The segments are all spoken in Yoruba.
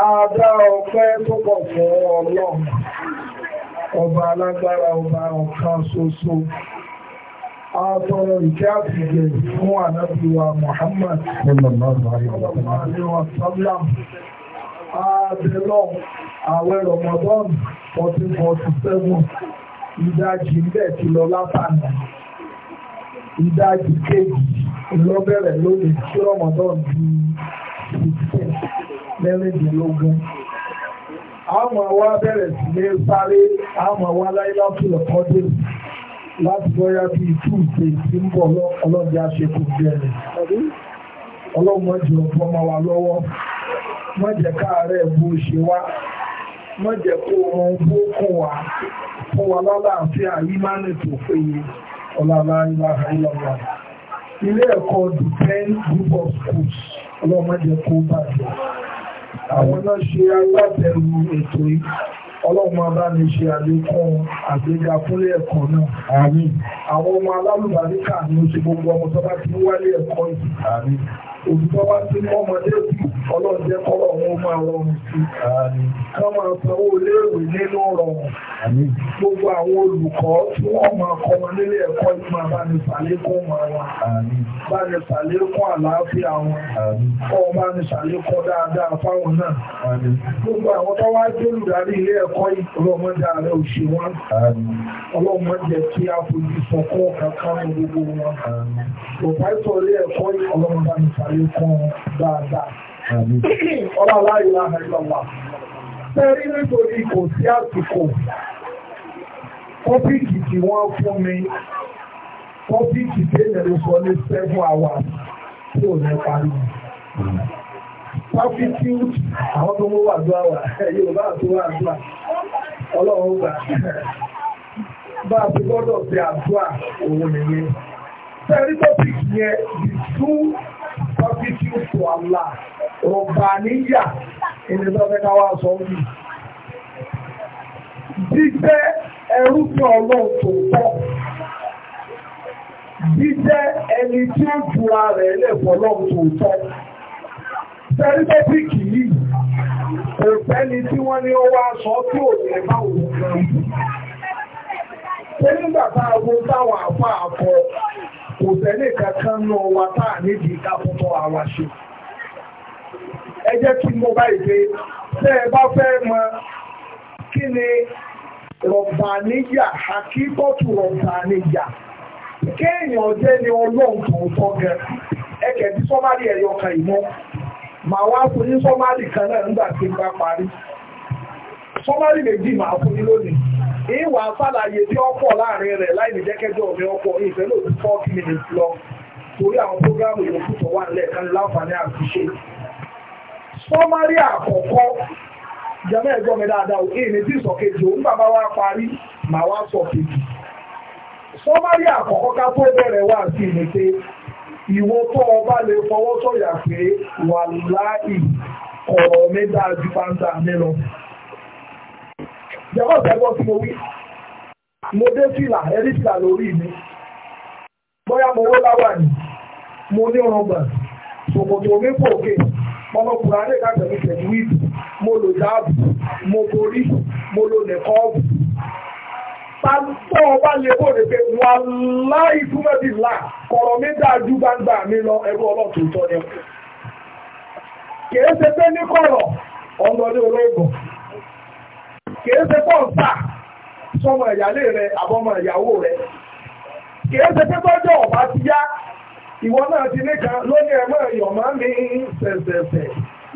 Adá ọpẹ́ tó pọ̀ fún ọlọ́run, ọba alágbára ọba ọ̀kan ṣoṣo. Àtọrọ ìkẹ́ àtìgẹ̀ fún ànábíwa Muhammad Adélọ́ àwẹ̀ Ramadan 1447 ìdájì ń bẹ̀ ti lọ látàná. Ìdájì kejì lọ́bẹ̀rẹ̀ Ramadan di mẹ́rìndínlógún a wa bẹ̀rẹ̀ sí ní sáré àmọ́ wa láìláàtú lọ́kọ́dé láti lọ́yà bí túùsẹ̀ tí ń bọ̀ ọlọ́dẹ àṣekù bẹ̀rẹ̀ ọlọ́mọ jùlọ fún ọmọ lọ́wọ́ má jẹ́ káàárẹ̀ ṣe wá má kó wá fún wa lálàáfíà ilé ẹ̀kọ́ the ten group of schools kó bàjẹ́. àwọn náà ṣe agbátẹrù ètò yìí ọlọ́run bá ní ṣe àlékún àgbéga fúnlé ẹ̀kọ́ náà àmín àwọn ọmọ alálùbáríkà ní oṣù gbogbo ọmọ tó bá ti ń wálé ẹ̀kọ́ yìí àmín òbí tó bá ti mọ́ ọmọdé bíi ọlọ́jẹ́ kọ́rọ̀ wọn máa rọrùn sí ká máa sanwó léèwé nínú rọrùn gbogbo àwọn olùkọ́ tí wọ́n máa kọ́ wọn nílé ẹ̀kọ́ ìmọ̀ abánisàlékún wọn wọn abánisàlékún àlàáfíà wọn ọmọ abánisàlékún dáadáa fáwọn náà gbogbo àwọn tó wá jẹ́ olùdarí ilé ẹ̀kọ́ ìrọmọdé ààrẹ òṣè wọn ọlọ́mọ jẹ́ kí a fojú sọkọ́ kankan ní gbogbo wọn òpáìtọ̀ ilé ẹ̀kọ́ ìrọmọdé ààrẹ òṣè wọn dáadáa ọlọ́lá ìlànà ìlọ́lá tẹ́rí nítorí kò sí àsìkò tọ́pìkì tí wọ́n fún mi tọ́pìkì tẹ́lẹ̀ ló sọ ní seven hours tí ò ní parí Substitute àwọn tó mú wà ló àwà Yorùbá àti wà àdúrà ọlọ́run gbà bá a ti gbọ́dọ̀ sí àdúrà òun nìyẹn. Tẹ́rí tọ́pìkì yẹn the two substitute to Allah rọ̀bàníyà ìrìnlọ́fẹ́ká wá sọ ní jíjẹ́ ẹrúfẹ́ ọlọ́run tó pọ̀ jíjẹ́ ẹni tí ó jùra rẹ̀ lẹ́fọ́ ọlọ́run tó tọ́ sẹ́rítọ́pìkì yìí kò fẹ́ni tí wọ́n ní ó wá sọ tí ò lè bá òun lọ nígbà táwọn táwọn àfọ́ àfọ́ sẹ́lẹ̀ kankan nù wa tá à nídìí kápútọ̀ àwa ṣe ẹ jẹ́ kí mo bá ìpè tẹ́ ẹ bá fẹ́ mọ kí ni rọ̀bàníyà àkíkọ́tù rọ̀bàníyà kéèyàn jẹ́ ni ọlọ́run tòótọ́ kan màá wá fún ní sọ́mọ́rì méjì máa fún yín lónìí ìwà sàlàyé tí ó pọ̀ láàrin rẹ̀ láì ní jẹ́kẹ́jọ́ mi ọ̀pọ̀ ìfẹ́ ló ti fọ́ọ̀kì minutes lọ torí àwọn prógrámù yòókù tó wà nílẹ̀ kan láǹfààní àti ṣe sọ́mọ́rì àkọ́kọ́ jẹ́mẹ́ ẹ̀gbọ́n mi dáadáa ò èyí ni tí ìsọ̀kejì òun bàbá wa parí màá wá sọ kejì sọ́mọ́rì àkọ́kọ́ ká tó bẹ̀rẹ̀ wá sí ìní pé ìwọ tó ọba lè fọwọ́ sọ̀yà pé wàláì ọ̀rọ̀ mi dáa ju pàǹtà mi lọ jẹ́wọ́ ìgbẹ́gbọ́ tí mo wí mo dé fìlà ẹ̀rí fìlà lórí mi bóyá mo wó láwà ní mo ní ọ̀rọ̀gbà ṣòkòtò mi kò òkè ọmọkùnrin adékàgbẹ̀ mi tẹ̀lé wíìdì mo lò dáàbò mo borí mo lò nìkọ́ọ̀bù pàtó ọba lè bòrè pé wà láì túnmọ̀ sí là kọ̀rọ̀ mi dájú gbangba mi lọ ẹrú ọlọ́tòótọ́ ni kìí ṣe pé ní kọ̀rọ̀ ọmọdé olóògùn kìí ṣe pọ́ ń tà sọmọ ìyálé rẹ àbọmọ ìyàwó rẹ kìí ṣe pé tọ́jọ́ ọ̀bá ti yá ìwọ náà ti ní kan lónìí ẹ̀mọ́ ìyọ̀mọ́ mi ṣẹ̀ṣẹ̀ṣẹ̀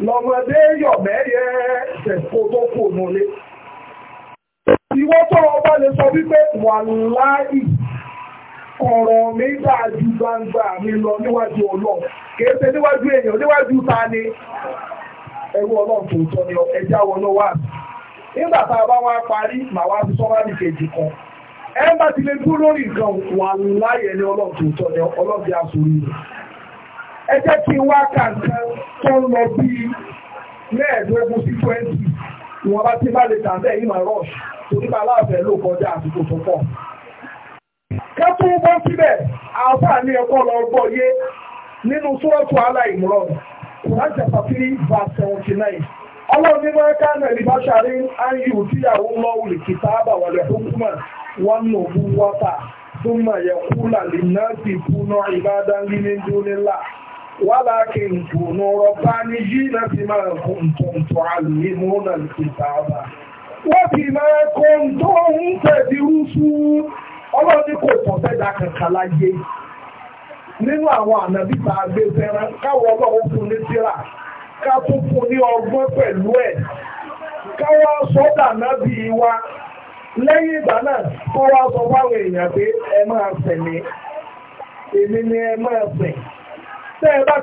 lọ́mọdé yọ̀mẹ́yẹ ṣẹ̀kó tó kù nulé ìwọ tó ọba lè sọ wípé wàláì ọ̀rọ̀ mi dáa ju gbangba mi lọ níwájú ọlọ́run kìí níwájú èèyàn níwájú ta ni ẹrú ọlọ́run tó tọ́ ni ẹjá wọnú wáàsí nígbà tá a bá wá parí màá wá fi sọ́wọ́ ní kejì kan ẹ bá ti lè dúró lórí nǹkan wà láyé ní ọlọ́ọ̀tún ọlọ́ọ̀bí àsòrí rẹ̀ ẹ jẹ́ kí n wá kàǹkan tó ń lọ bíi mẹ́ẹ̀ẹ́dógún sí twenty ìwọ̀n bá ti bá lè tàn bẹ́ẹ̀ yìí máa rush torí bá aláàfẹ́ ló kọjá àsìkò tó pọ̀. kẹ́tù bọ́ síbẹ̀ àáfàá ní ẹ̀kọ́ lọ gbọ́ yé nínú sọ́ọ̀tù aláìmúrọ̀ kùrán chapter three verse seventy nine. ọlọ́run nínú ẹ̀ka náà ní báṣàrí ayù tíyàwó lọ́wùlì kìtà àbàwọ̀lẹ̀ fúnkúmà wọn nà bú wọ́ta tó mọ̀ yẹ kúlà lè náà sì kúná ìbádá ní yí náà fi máa kún tọ̀ntọ̀ àlùyé mọ́nà kìtà káwọ́ ọlọ́run fún ká tún fún ní ọgbọ́n pẹ̀lú ẹ̀ káwọ́ sọ́dà náà bí wa lẹ́yìn ìgbà náà kọ́wọ́ sọ fáwọn èèyàn pé ẹ máa sẹ̀ ni èmi ni ẹ máa sẹ̀ tẹ́ kan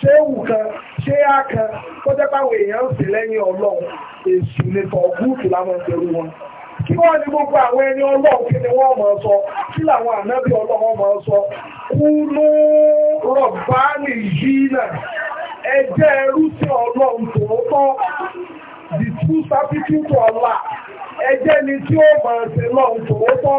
ṣé kan ṣé kan tó jẹ́ èèyàn sì lẹ́yìn ọlọ́run èṣù láwọn wọn kí wọ́n ní gbogbo àwọn ẹni ọlọ́run kí ni wọ́n ẹ jẹ́ ẹrú sí ọlọ́run tòótọ́ the true servitude to Allah ẹ jẹ́ ni tí ó mọ̀ ṣe lọ́run tòótọ́.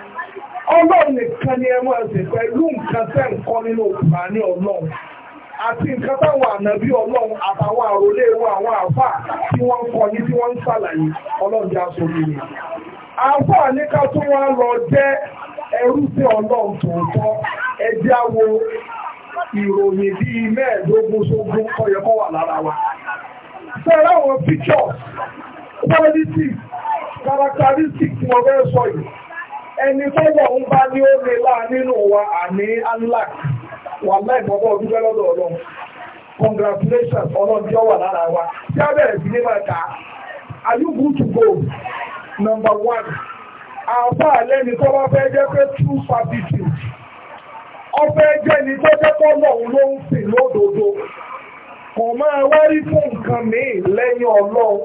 ọlọ́run nìkan ni ẹ máa ṣe pẹ̀lú nǹkan tẹ́ nǹkan nínú òkùnfà ní ọlọ́run àti nǹkan táwọn ànábí ọlọ́run àtàwọn àròlé wọn àwọn àfà tí wọ́n ń kọ yín tí wọ́n ń ṣàlàyé ọlọ́run já sórí ni àfà ní ká tún wá lọ jẹ́ ẹrú sí ọlọ́run tòótọ́ ẹjẹ́ wo ìròyìn bíi mẹ́ẹ̀ẹ́dógún sógún kọyọkọ wà lára wa fẹ́ràn àwọn pictures quality characteristics tí wọ́n fẹ́ sọ yìí ẹni tọ́lọ̀ ń bá ní ó lè láà wa àní Allah wà láìpọ̀pọ̀ ọdúgbẹ́ lọ́dọ̀ ọlọ́run congratulations ọlọ́dún wà lára wa tí a bẹ̀rẹ̀ sí ní máa ta are you good to go number one àpá àlẹ́ni tó bá fẹ́ jẹ́ pé true servitude ọfẹ́ jẹ́ ni tó jẹ́ tọ́lọ̀ ló ń sìn lódodo kò máa wárí fún nǹkan míì lẹ́yìn ọlọ́run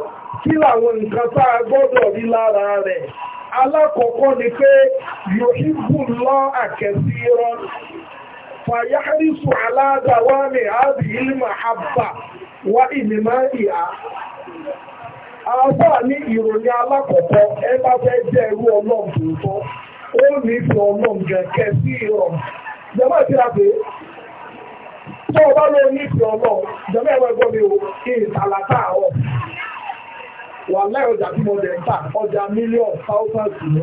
kí làwọn nǹkan tá a gbọ́dọ̀ rí lára rẹ̀ alákọ̀ọ́kọ́ ni pé yòhíbù lọ àkẹsí fàyárísù aládàwà ní àbí ìnìmá ìhà ní ìròyìn alákọ̀ọ́kọ́ ẹ bá fẹ́ jẹ́ ẹrú ọlọ́run ó nífẹ̀ẹ́ ọlọ́run jẹ kẹsí rán ti ra pé tó o bá lọ mi ò wà láì ọjà tí mo dẹ̀ ń tà ọjà mílíọ̀n thousands ni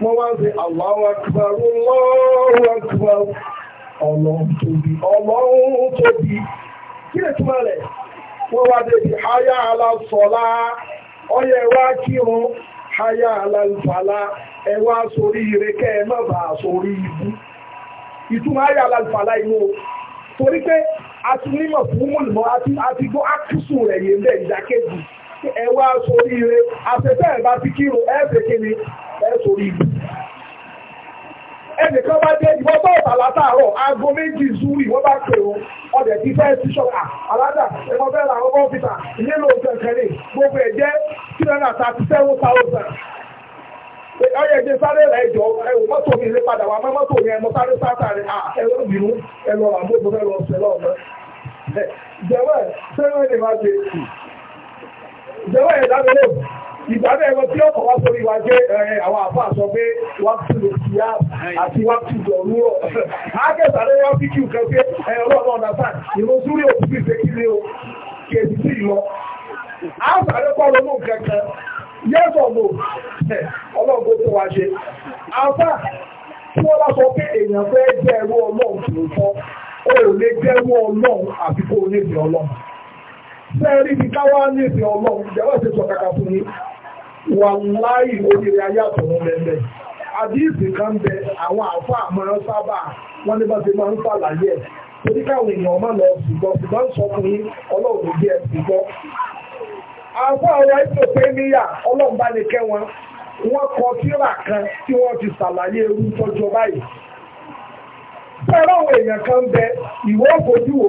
wọ́n wá ń ṣe Allahu Akbar Allahu Akbar ọlọ́run tóbi ọlọ́run tóbi kí lè túmọ̀ rẹ̀ wọ́n wá dé bí háyà aláṣọlá ọyẹ wá kírun háyà aláṣọlá ẹ wá sórí ire kẹ́ ẹ má bàa sórí ibú ìtumọ̀ háyà aláṣọlá inú torí pé a ti nímọ̀ fún mọ̀lùmọ́ a ti gbọ́ ákùsù rẹ̀ yé bẹ́ẹ̀ ìdákẹ́jì ẹwà sórí ire àtẹ́fẹ́ ẹ̀bá ti kírò ẹ̀ẹ́sẹ̀ kíni ẹ̀ẹ́sórí ibi ẹnìkan bá dé ìwọ́n bá ọ̀tà látàárọ̀ aago méjì zúrì wọ́n bá pè ó ọ̀dẹ̀ tí fẹ́ sí ṣọ́kà aládà ẹ̀kọ́ fẹ́ ra ọkọ̀ ọ́fíìsà nílò kẹ̀kẹ́rẹ́ gbogbo ẹ̀ jẹ́ three hundred and thirty seven thousand ọyẹ jẹ sáré rẹ jọ ẹwọ mọ́tò mi lè padà wá mọ́tò yẹn mo sáré sáta rẹ à ẹlọ bínú ẹlọ àmọ́ mo fẹ́ lọ sẹ́lọ̀ ọ̀gbẹ́ jẹ́wọ́ ẹ̀ sẹ́wọ́n ẹ̀ ìjọba ìdánilò ìgbàdẹ̀ ẹ̀rọ tí ọkọ̀ wá sórí wa jẹ́ àwọn àfáà sọ pé wọ́n tún lè àti wọ́n tún jọ rúrọ̀. ágẹ́sà pé ẹ̀rọ ìlú súrí òkú fi ṣe o kèsì sí ìlọ. pọ̀ yẹ́sọ̀ lò ọlọ́gbó tó wá ṣe. àfà tí wọ́n bá sọ pé èèyàn fẹ́ jẹ́ ẹrú ọlọ́run tó ń fọ́ Sẹ́ẹ̀rí ni káwá ní èdè ọlọ́run, ìjẹ́wọ́ ti sọ kàkà fún yí. Wà láì oníire ayé àtọ̀run Àdíìsì kan bẹ àwọn àfá àmọ́ sábà wọ́n ní bá ti máa ń fàlàyé ẹ̀. èèyàn máa lọ sọ fún ọlọ́run bí ẹ Àfá ọ̀rọ̀ wọn. kọ kan tí wọ́n ti tọ́jọ báyìí. kan bẹ ìwọ́ fojú wò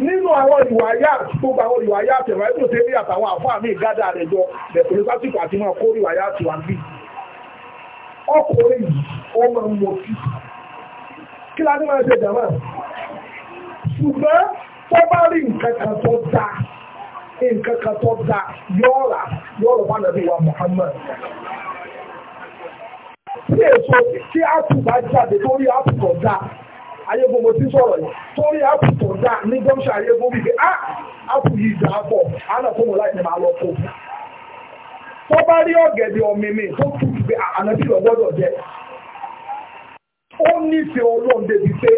nínú àwọn ìwàyà gbogbo àwọn ìwàyà àtẹ̀wà ẹ̀dùn tẹ́lẹ̀ àtàwọn àfáà ní ìgádà rẹ̀ jọ bẹ̀kùnrin pátìkù àti máa kó ìwàyà wà bí ọkùnrin yìí ọmọ mọ̀tí kí la máa ṣe ṣùgbọ́n tó bá rí nǹkan kan tó nǹkan kan ayégun mo ti sọ̀rọ̀ yìí torí akwụkwọ dá ní gọ́mṣà ayégun wípé ah, á yìí dà bọ̀ á dị máa lọ tó bá rí ọ̀gẹ̀dẹ̀ ọ̀mìnì tó tù pé ah, lọ gbọ́dọ̀ jẹ ó nífẹ̀ẹ́ ọlọ́run débi pé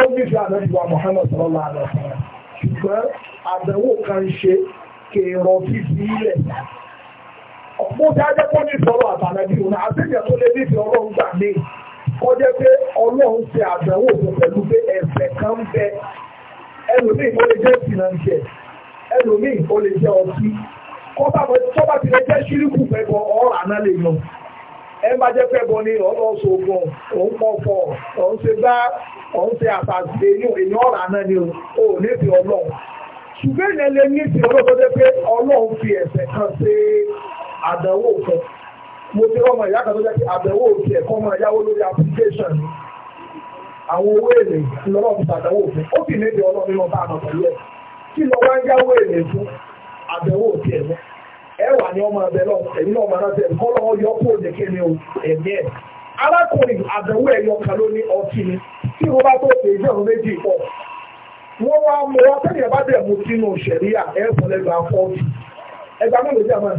ó nífẹ̀ẹ́ ànábì wa Muhammad sallallahu ṣùgbọ́n kan ṣe kèrò ilẹ̀ mo àtàlẹ́bí kó jẹ́ pé ọlọ́run ṣe àdánwò fún pẹ̀lú pé ẹ̀ṣẹ̀ kan ń bẹ ẹlòmíì ó lè jẹ́ ìsìnàṣẹ̀ ẹlòmíì ó lè jẹ́ ọtí kọ́ bá ti lè jẹ́ ṣíríkù pẹ̀bọ ọ̀rọ̀ àná lè yàn ẹ bá jẹ́ pẹ́bọ ni ọ̀nà ṣoògùn òun pọ̀ fọ̀ òun ṣe bá òun ṣe àtàṣe èyàn ọ̀rọ̀ àná ni o ní ti ọlọ́run ṣùgbọ́n ìyẹn lè ní ti ọlọ́run tó jẹ́ pé ọlọ́run fi ẹ̀ṣẹ̀ kan ṣe àdánwò kan mo ti rọ́mọ ìyá kan tó jẹ́ pé àbẹ̀wò òfin ẹ̀kọ́ ọmọ ìyáwó lórí application àwọn owó èlé lọ́wọ́ fi ṣàbẹ̀wò òfin ó sì léde ọlọ́ nínú bá àmọ̀ pẹ̀lú ẹ̀ kí lọ wá ń yáwó èlé fún àbẹ̀wò òfin ẹ̀mọ́ ẹ wà ní ọmọ lọ ẹ̀yìn náà máa rántí ẹ̀kọ́ lọ́wọ́ yọ kó lè ẹ̀mí ẹ̀ àbẹ̀wò kan ló ní ọtí ni tí wọ́n bá tó méjì pọ̀ wọ́n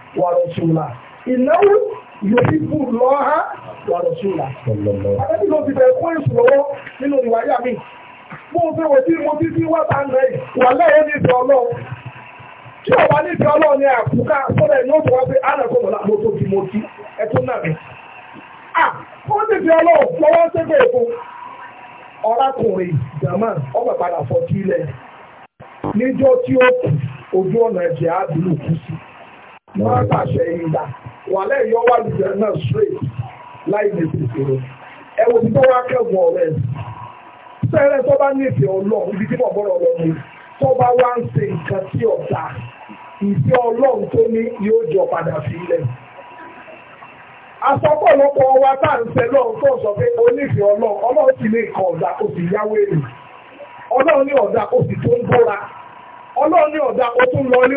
wàrọ̀sùlà ìnáwó yòókù lọ́ha wàrọ̀sùlà. àbẹ́bí ló ti bẹ̀rẹ̀ fún èsù lọ́wọ́ nínú ìwáyà mi mo fẹ́ wò tí mo ti fi wá bá ń rẹ̀ wà lẹ́yìn ní ìfẹ́ tí ọba ní ìfẹ́ ni sọ́dọ̀ ẹ̀ ní oṣù wá pé mo tó ti mo ti ó ti fi lọ́wọ́ èkó ọlákùnrin german fọ́ sílẹ̀ níjọ́ tí ó kù ojú ọ̀nà ẹ̀jẹ̀ á wọ́n pàṣẹ ìgbà wà lẹ́yìn wà àdìjẹ náà straight láì lèsì ẹwọ tí tó wá ọ̀rẹ́ tó nífẹ̀ẹ́ ọlọ́run ibi tí bọ̀bọ̀rọ̀ lọ tó wá ń se nǹkan tí ọ̀tá ìfẹ́ ọlọ́run ní yóò jọ padà sí ilẹ̀ ní nǹkan ó yáwó èrè ọ̀dà ń bóra ní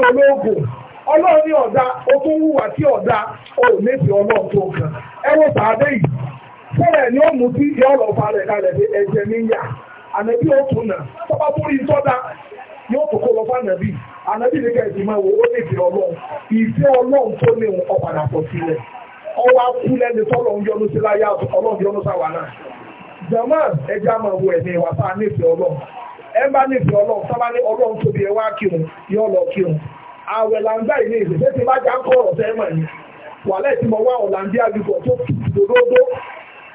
ọlọ́run ní ọ̀dá o tó wúwà tí ọ̀dá o lébi ọlọ́run tó kàn ẹwọ́ sàádé yìí fẹ́rẹ̀ ni ó mú sí ìyá kalẹ̀ pé ẹ̀jẹ̀ ní ànàbí ó tún nà tọ́ba tó rí tọ́da lọ fún ànàbí ànàbí ní máa ó ọlọ́run ìfẹ́ ọlọ́run tó ọ̀padà pọ̀ sílẹ̀ ọwọ́ akú lẹ́ni tọ́lọ́run sí láyà àwẹ̀ làǹgbà ìní ìṣẹ̀ṣẹ̀ ti bá já ń kọ́ mọ̀ ní wà wá ọ̀làǹdí àgbègbè tó dòdòdó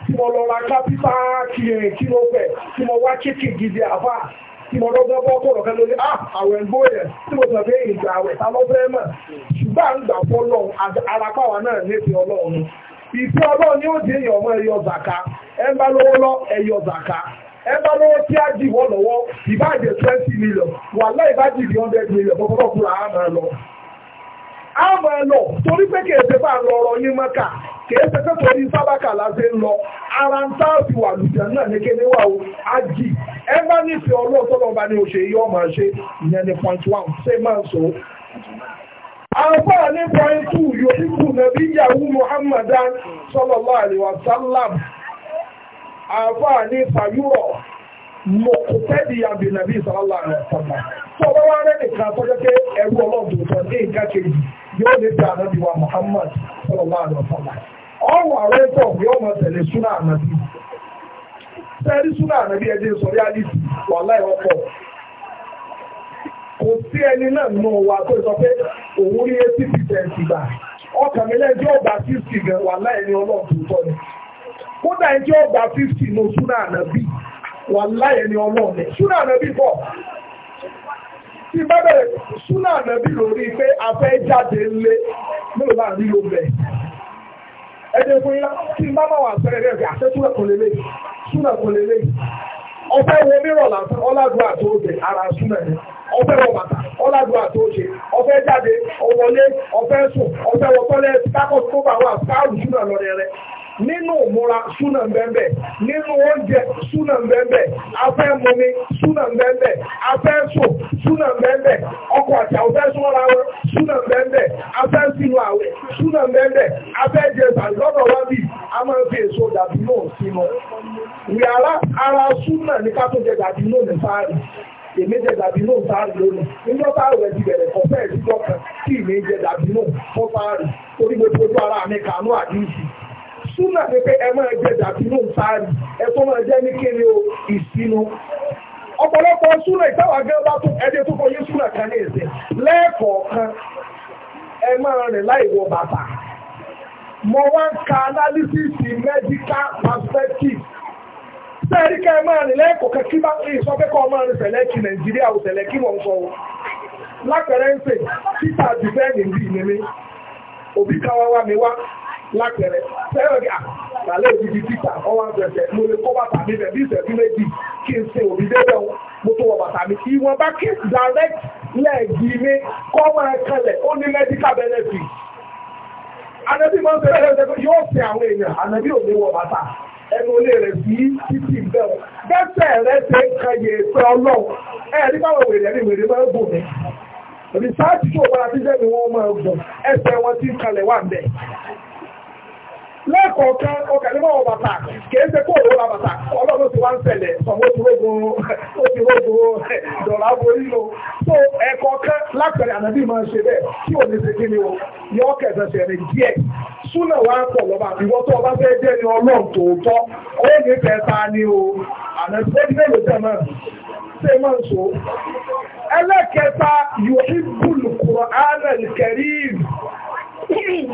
tí mo lọ ra kápítà kìrìn kí ló tí mo wá kíkì gidi àfà tí mo bọ́ tọ̀rọ̀ lórí ah, àwẹ̀ ń tí mo sọ pé ìgbà àwẹ̀ ta lọ́ fẹ́ mọ̀ ẹgbẹ́ lọ́wọ́ tí a jì wọ́n lọ́wọ́ ìbájẹ́ twenty million wà láì bá jì hundred million kọ́kọ́rọ́ kúrò á lọ. lọ torí pé kì í bá lọ ọ̀rọ̀ torí sábàkà láti ń lọ ara ń táàbì wà lùjẹ́ náà ní wà ó jì ẹgbẹ́ òṣè point one ṣé máa sọ. point two yòókù nàbí Muhammadan àfáà ní fàyúrọ̀ mọ̀kùtẹ́dì àbìnàbí ìsàlálà rẹ̀ sọ̀nà tó bá wá rẹ̀ ní nǹkan kejì yóò lè bẹ ànábì wa Muhammad sọ̀rọ̀lá rẹ̀ sọ̀nà ọ̀rọ̀ àrẹ tọ̀ yóò mọ̀ tẹ̀lé súnà ànábì tẹ́rí ẹjẹ́ wà ọkọ̀ kò sí ẹni náà nù wà tó sọ pé òun rí eighty ìgbà ọkàn mi lẹ́jọ́ ọgbà gan wà láì ní kódà ẹni tí ó gba fifty ní súnà wà láyé ni ọlọ́ọ̀nẹ súnà ànábì pọ̀ tí bá bẹ̀rẹ̀ súnà anabi lórí pé a jáde lé mélòó láàrin ló bẹ̀ ẹni fún yá tí bá máa wà sẹ́rẹ̀ rẹ̀ àṣẹ súnà kan lélẹ̀ súnà kan lélẹ̀ ọ̀fẹ́ wo mírọ̀ lásán ọ̀làdùn àti ara súnà yẹn wọ bàtà ọ̀làdùn àti oṣù jáde ọ̀wọ́lé ọ̀fẹ́ sùn ọ̀fẹ́ wọ tọ́lẹ̀ kákọ̀ wà nínú òmúra súnà bẹ́ẹ̀bẹ́ nínú oúnjẹ súnà bẹ́ẹ̀bẹ́ afẹ́ mumi súnà bẹ́ẹ̀bẹ́ afẹ́ sùn súnà bẹ́ẹ̀bẹ́ ọkọ̀ àti àwọ̀fẹ́ súnmọ́ra wọn súnà bẹ́ẹ̀bẹ́ afẹ́ sínú àwẹ̀ súnà bẹ́ẹ̀bẹ́ afẹ́ jẹta lọ́dọ̀ wá bí a máa ń fi èso dàbí náà sínú yàrá ara súnà ní ká tó jẹ dàbí náà ní fáàrí èmi jẹ dàbí náà fáàrí lónìí nígbà táwọn ẹ̀ ti bẹ̀rẹ̀ kọ̀ọ̀fẹ́ ìdíjọ́ kan tí ìmì jẹ dàbí náà fọ́ fáàrí torí gbogbo ojú ara mi kàánú àdínsì súnà ní pé ẹ máa jẹ dàbínú sáàrì ẹ tó máa jẹ ní kéré o ìsinú ọ̀pọ̀lọpọ̀ súnà ìtawàgán bá tún ẹdẹ tó kọyé súnà kan ní ẹsẹ̀ lẹ́ẹ̀kọ̀ọ̀kan ẹ máa rìn láì wọ bàtà mo wá ń ka analysis medical perspective sẹ́ẹ̀rí ká ẹ máa rìn lẹ́ẹ̀kọ̀ọ̀kan kí bá ń sọ pé kọ́ ọ máa rìn sẹ̀lẹ́kì nàìjíríà ò sẹ̀lẹ́kì wọ́n sọ lápẹ̀rẹ́ ń pè títà jù bẹ́ẹ̀ lápẹẹrẹ tẹ́lẹ̀ gà lálẹ́ ìdíbi títà ọwọ́ àgbẹ̀fẹ̀ mo lè kọ́ bàtà mi bẹ̀ bí ìṣẹ́jú méjì kí n ṣe òbí débẹ̀ wọn mo tó wọ bàtà mi ìwọ̀n bá kí direct lẹ́ẹ̀gì mi kọ́ máa kalẹ̀ ó ní medical benefit anabi máa ń fẹ́rẹ̀ lẹ́sẹ̀ pé yóò sin àwọn èèyàn anabi ò ní wọ bàtà ẹnu olè rẹ̀ sí títì bẹ́ẹ̀ o bẹ́sẹ̀ rẹ̀ ṣe ń kan yè pé ọlọ́run ẹ̀rí wèrè máa ń bò mí ni wọ́n máa ń bò ẹsẹ̀ lẹ́kọ̀ọ̀kan ọkàlẹ́mọ̀ ọ̀rọ̀ bàtà kìí ṣe kó òwúrọ̀ bàtà ọlọ́run ti wá ń ṣẹlẹ̀ sọ̀rọ̀ ó ti rógun ó ti rógun dọ̀rọ̀ aborí lò tó ẹ̀kọ̀ọ̀kan lápẹ̀rẹ̀ ànábì máa ń ṣe bẹ́ẹ̀ tí ò ní ṣe kí ni o yọ kẹsàn ṣe rìn díẹ̀ súnà wá ń pọ̀ lọ́ba ìwọ tó ọba fẹ́ jẹ́ ni ọlọ́run tòótọ́ ó ní fẹ́ ta ni o ànábì ó ní mélòó tẹ̀ náà ṣe máa ń sọ ẹlẹ́kẹta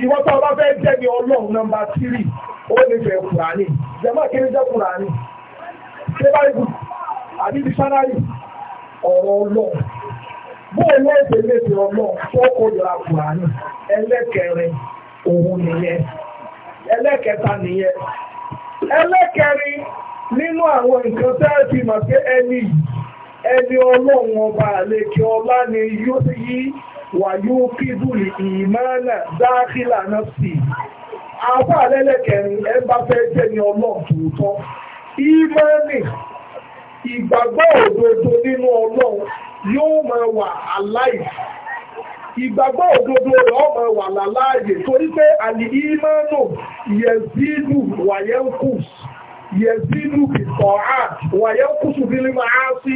ìwọ́n tó bá fẹ́ jẹ́ ní ọlọ́run nọmba tírì ó lè fẹ́ kùránì jẹ́mọ́ kí ní jẹ́ kùránì ṣé báyìí àbí dísánárì ọ̀rọ̀ ọlọ́run bóun ló ṣe lè fi ọlọ́run tó kó yọra kùránì ẹlẹ́kẹrin òun nìyẹn ẹlẹ́kẹta nìyẹn ẹlẹ́kẹrin nínú àwọn nǹkan tẹ́ẹ̀ fi mọ̀ pé ẹni yìí ẹni ọlọ́run ọba àlekè ọlá ni yóò yí wà yóò kíbùlì ìmánà dákìlà náà sí i àbá lẹ́lẹ́kẹrin ẹ bá fẹ́ jẹ́ ní ọlọ́run tòótọ́ ìmánì ìgbàgbọ́ òdodo nínú ọlọ́run yóò máa wà aláìsí ìgbàgbọ́ òdodo rẹ̀ ọmọ wà láláàyè torí pé àlì ìmánù yẹ̀zídù wàyẹ́kùs yẹ̀zídù kìkọ̀ọ́ wàyẹ́kùsù bílímọ̀ á sí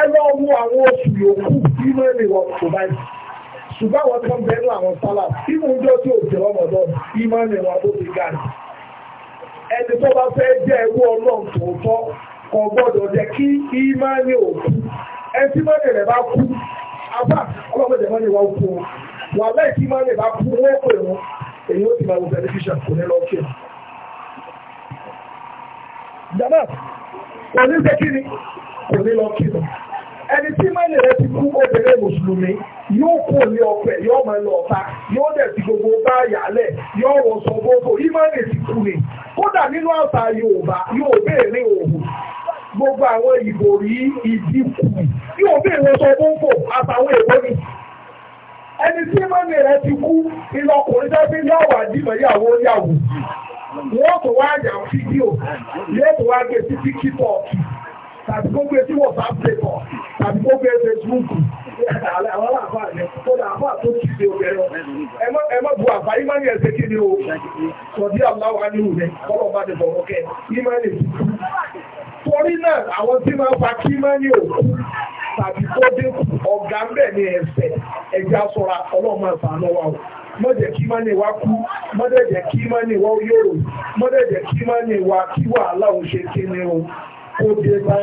ẹlọ mú àwọn oṣù yòókù tí ló lè wọ kò báyìí ṣùgbọ́n àwọn tó ń bẹnu àwọn sálà tí mo ń jọ tí ò jẹ́ ọmọdọ́ ìmọ̀ ni wọn tó ti gàrí ẹni tó bá fẹ́ jẹ́ ẹwú ọlọ́run tòótọ́ kò gbọ́dọ̀ jẹ́ kí ìmọ̀ ni ò kú ẹni tí mọ́ni rẹ̀ bá kú apá ọlọ́mọdé mọ́ni wọn kú wà láì tí mọ́ni bá kú wọ́n pè wọn èyí ó ti máa wo beneficial kò ní lọ́kì kí ni? kò ní lọ kírun ẹni tí mẹ́lẹ̀ rẹ ti kú obìnrin mùsùlùmí yóò kú ní ọpẹ́ yóò máa lọ ọ̀tá yóò dẹ̀ ti gbogbo bá yàlẹ̀ yóò wọ̀ sọ gbogbo ìmọ̀lẹ̀ ti kú ni kódà nínú àṣà Yorùbá yóò béèrè òhù gbogbo àwọn ìbò rí ìdí kù yóò béèrè sọ gbogbo àtàwọn èbó ni ẹni tí mẹ́lẹ̀ rẹ ti kú ìlọkùnrin dábí yàwó àdìmọ̀ yàwó yàwó wọ́n tó wá yà fídíò yóò tó wá gbé sí tàbí kó WhatsApp playboy tàbí kó gbé Facebook àwọn àbá rẹ̀ tó dà àbá tó ṣe obìnrin bu àbá o sọ̀dí kọ́lọ̀ bá ti bọ̀rọ̀ kẹ́ torí náà àwọn tí máa fa kí òkú tàbí tó dínkù ọ̀gá ń bẹ̀ ní ẹ̀sẹ̀ mọ́jẹ̀ kí máa ní kú mọ́jẹ̀ kí máa ní mọ́jẹ̀ kí máa ní kó dé bá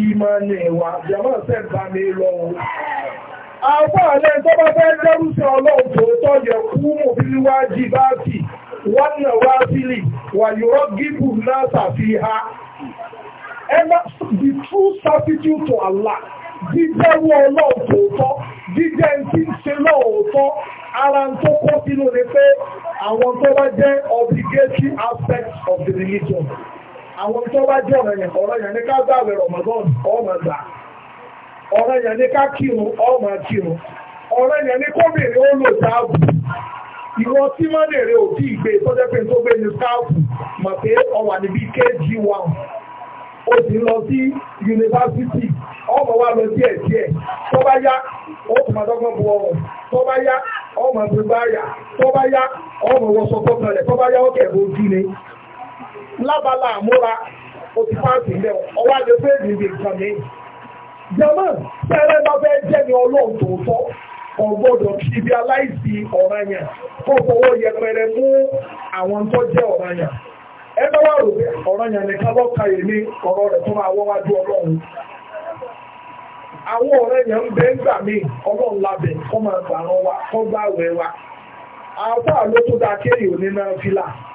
ìmọ̀lẹ̀ wa jẹ́mọ́ sẹ́ǹtà ní lọ́wọ́ àwọn àlẹ́ tó bá fẹ́ jẹ́rú sí ọlọ́run tòótọ́ yẹ kú mòbílí wá the true servitude tí ń ṣe lọ́ọ̀tọ́ ara tó kọ́ sínú ni pé àwọn tó bá jẹ́ obligatory aspects of the religion àwọn tó bá jẹ́ ọ̀rọ̀ yẹn ọ̀rọ̀ yẹn ní ká gbàwẹ̀ Ramadan ọmọ gbà ọ̀rọ̀ yẹn ní ká kírun ọmọ kírun ọ̀rọ̀ yẹn ní kóbìnrin ó lò sáàbù ìwọ tí wọ́n lè rè òbí ìgbé tó jẹ́ pé tó gbé ní sáàbù mọ̀ pé ó wà níbi KG1 ó sì lọ sí yunifásitì ọmọ wa lọ díẹ̀ díẹ̀ tó bá yá ó kùmà dọ́gbọ́n bu ọrùn tó bá yá ọmọ ìgbà yá tó bá yá ọmọ ìwọ̀sọ̀kọ̀ kan rẹ̀ tó bá yá ó kẹ̀ lábàlá àmúra òtí pàǹtì ń bẹ̀ ọwọ́ àjọ pé èdè ìdè bá fẹ́ jẹ́ ní ọlọ́run tòótọ́ ọgbọ́dọ̀ ibi aláìsí kó fọwọ́ yẹpẹrẹ mú àwọn tó jẹ́ ẹgbẹ́ wà rò pé ọ̀rọ̀ rẹ̀ tó máa wájú ọlọ́run àwọn ọ̀rẹ́ yẹn ń ń gbà mí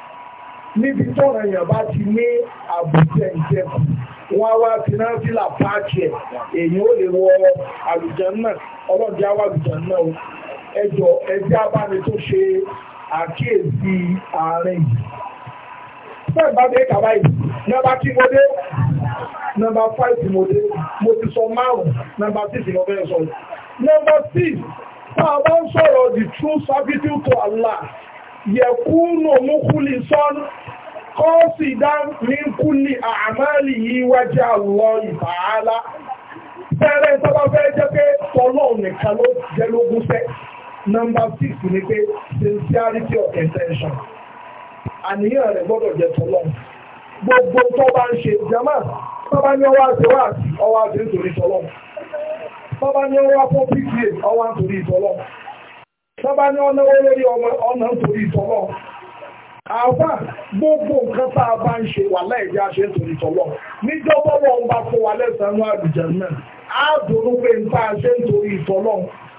níbi tọ́rọ èèyàn bá ti ní àbùjẹ ìjẹkù wọ́n wá ti náà fílà páàkì ẹ̀ ó lè wọ àlùjàn náà ọlọ́dẹ àwọn àlùjàn náà ẹjọ́ ẹgbẹ́ abáni tó ṣe àkíyèsí àárín yìí fẹ́ẹ̀ bá dé kàbá yìí nọ́mbà tí mo dé nọ́mbà five mo dé mo ti sọ márùn nọ́mbà six mo fẹ́ sọ nọ́mbà six tá a sọ̀rọ̀ the true servitude to Allah yẹ kúnnù mú kúlì sọ́nù kọ́ọ̀sì dáníkúlì àmàlì yìí wájá lọ ìbàálá bẹ̀rẹ̀ sábà fẹ́ jẹ́ pé tọ́lọ̀ nìkan ló jẹ́ lógún fẹ́ nọ́mbà 6 ni pé sincerity of intention àníyàn rẹ̀ gbọ́dọ̀ jẹ́ tọ́lọ̀ gbogbo tó bá ń ṣe jama tọ́bá ní ọwọ́ àti wá àti ọwọ́ àti nítorí tọ́lọ̀ tọ́bá ní ọwọ́ fún pta ọwọ́ nítorí tọ́lọ̀ tọ́bá ní ọ̀nà àbá gbogbo nǹkan tá a bá ń ṣe wà láìjẹ́ àṣẹ nítorí níjọba wọn bá fún wa á dùnú pé a ṣe nítorí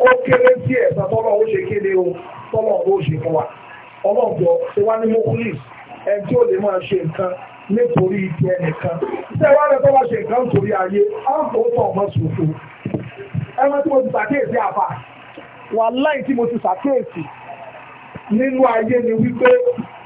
ó kéré sí ẹ̀sán tọ́lọ́ ó ṣe o se ó ṣe fún wa ní ẹni tí ó lè máa ṣe nǹkan nítorí ibi ẹnìkan ṣé ṣe nǹkan nítorí ayé ẹni tí mo ti ṣàkíyèsí àbá tí mo ti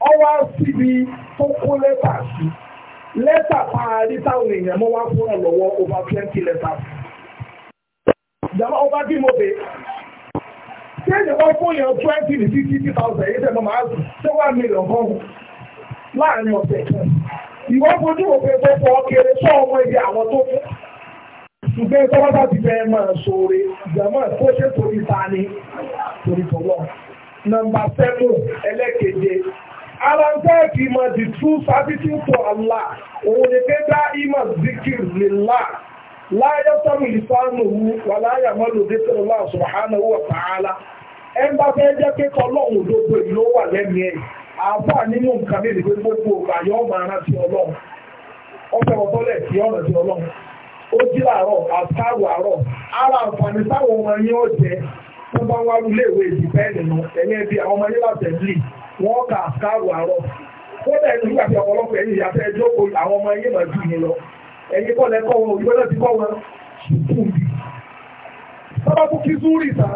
ọwá síbi tó kó lẹ́tà sí lẹ́tà parí táwọn èèyàn mọ́ wá fún ọlọ́wọ́ over twenty letters. ìjàmbá ọba bí mo bè ṣé ìjọba fún èèyàn twenty ní fifty thousand èyí tẹ̀ mọ́ máa dùn ṣé one million kan láàrin ọ̀sẹ̀ kan. ìwọ́n fojú òfin tó pọ̀ kéré sọ ọmọ ibi àwọn tó fún. ṣùgbọ́n ìjọba bá ti fẹ́ máa ṣoore ìjàmbá tó ṣe torí ta ni torí tọ́lọ́. nọ́mbà sẹ́mù ẹlẹ́keje ara ń tẹ́ kí mọ̀ the true servitude to Allah òun ni pé dá ìmọ̀ zikir lillah láyé sọ́rọ̀ ìfánàwó wà láyà mọ́lò dé sọ́rọ̀ láà subhanahu bá fẹ́ jẹ́ gbogbo ìlú wà ẹ̀ àbá nínú nǹkan gbogbo àyọ́ ọlọ́run ọlọ́run ó wọ́n ka a àárọ̀ kódà ẹni nígbà tí ọ̀pọ̀lọpọ̀ ẹ̀yìn ìyàtọ̀ ẹjọ́ kò àwọn ọmọ ẹyẹ màá ju lọ kọ́ lẹ́kọ́ wọn òyìnbó náà ti kọ́ wọn sùkúù bí. sábà kú kí zúrì ta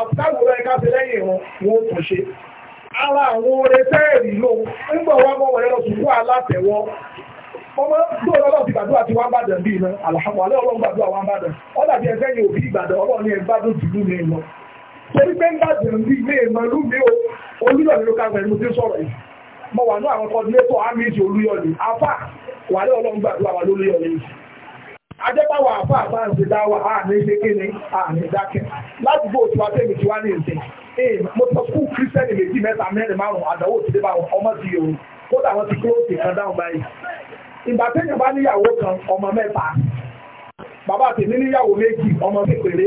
àṣkárù rẹ̀ ká lẹ́yìn wọn ṣe. ara àwọn oore tẹ́ẹ̀rì ló ń gbọ̀ torí pé ń dàbí ẹ̀rùn bí ilé ìmọ̀ ìlú mi o olúyọ̀ ní local government ti sọ̀rọ̀ yìí mo wà ní àwọn coordinator amity olúyọ̀ ní afá wà ní ọlọ́run gbàdúrà wà lólúyọ̀ ní ìsìn ajẹ́pàwọ̀ àfá àfá ń ṣe dáwà àárín ṣe kí ni àárín dákẹ́ ládùúgbò tí wá tẹ́mi tí wá ní ìsìn ee mo sọ skul kírísítẹ́nì méjì mẹ́ta mẹ́rin márùn-ún àdánwò ti dé bá wọn ọmọ ti yòó kódà wọn ti kúròsì kan dáhùn báyìí ìgbà téèyàn bá níyàwó kan ọmọ mẹ́ta bàbá tèmi níyàwó méjì ọmọ kékeré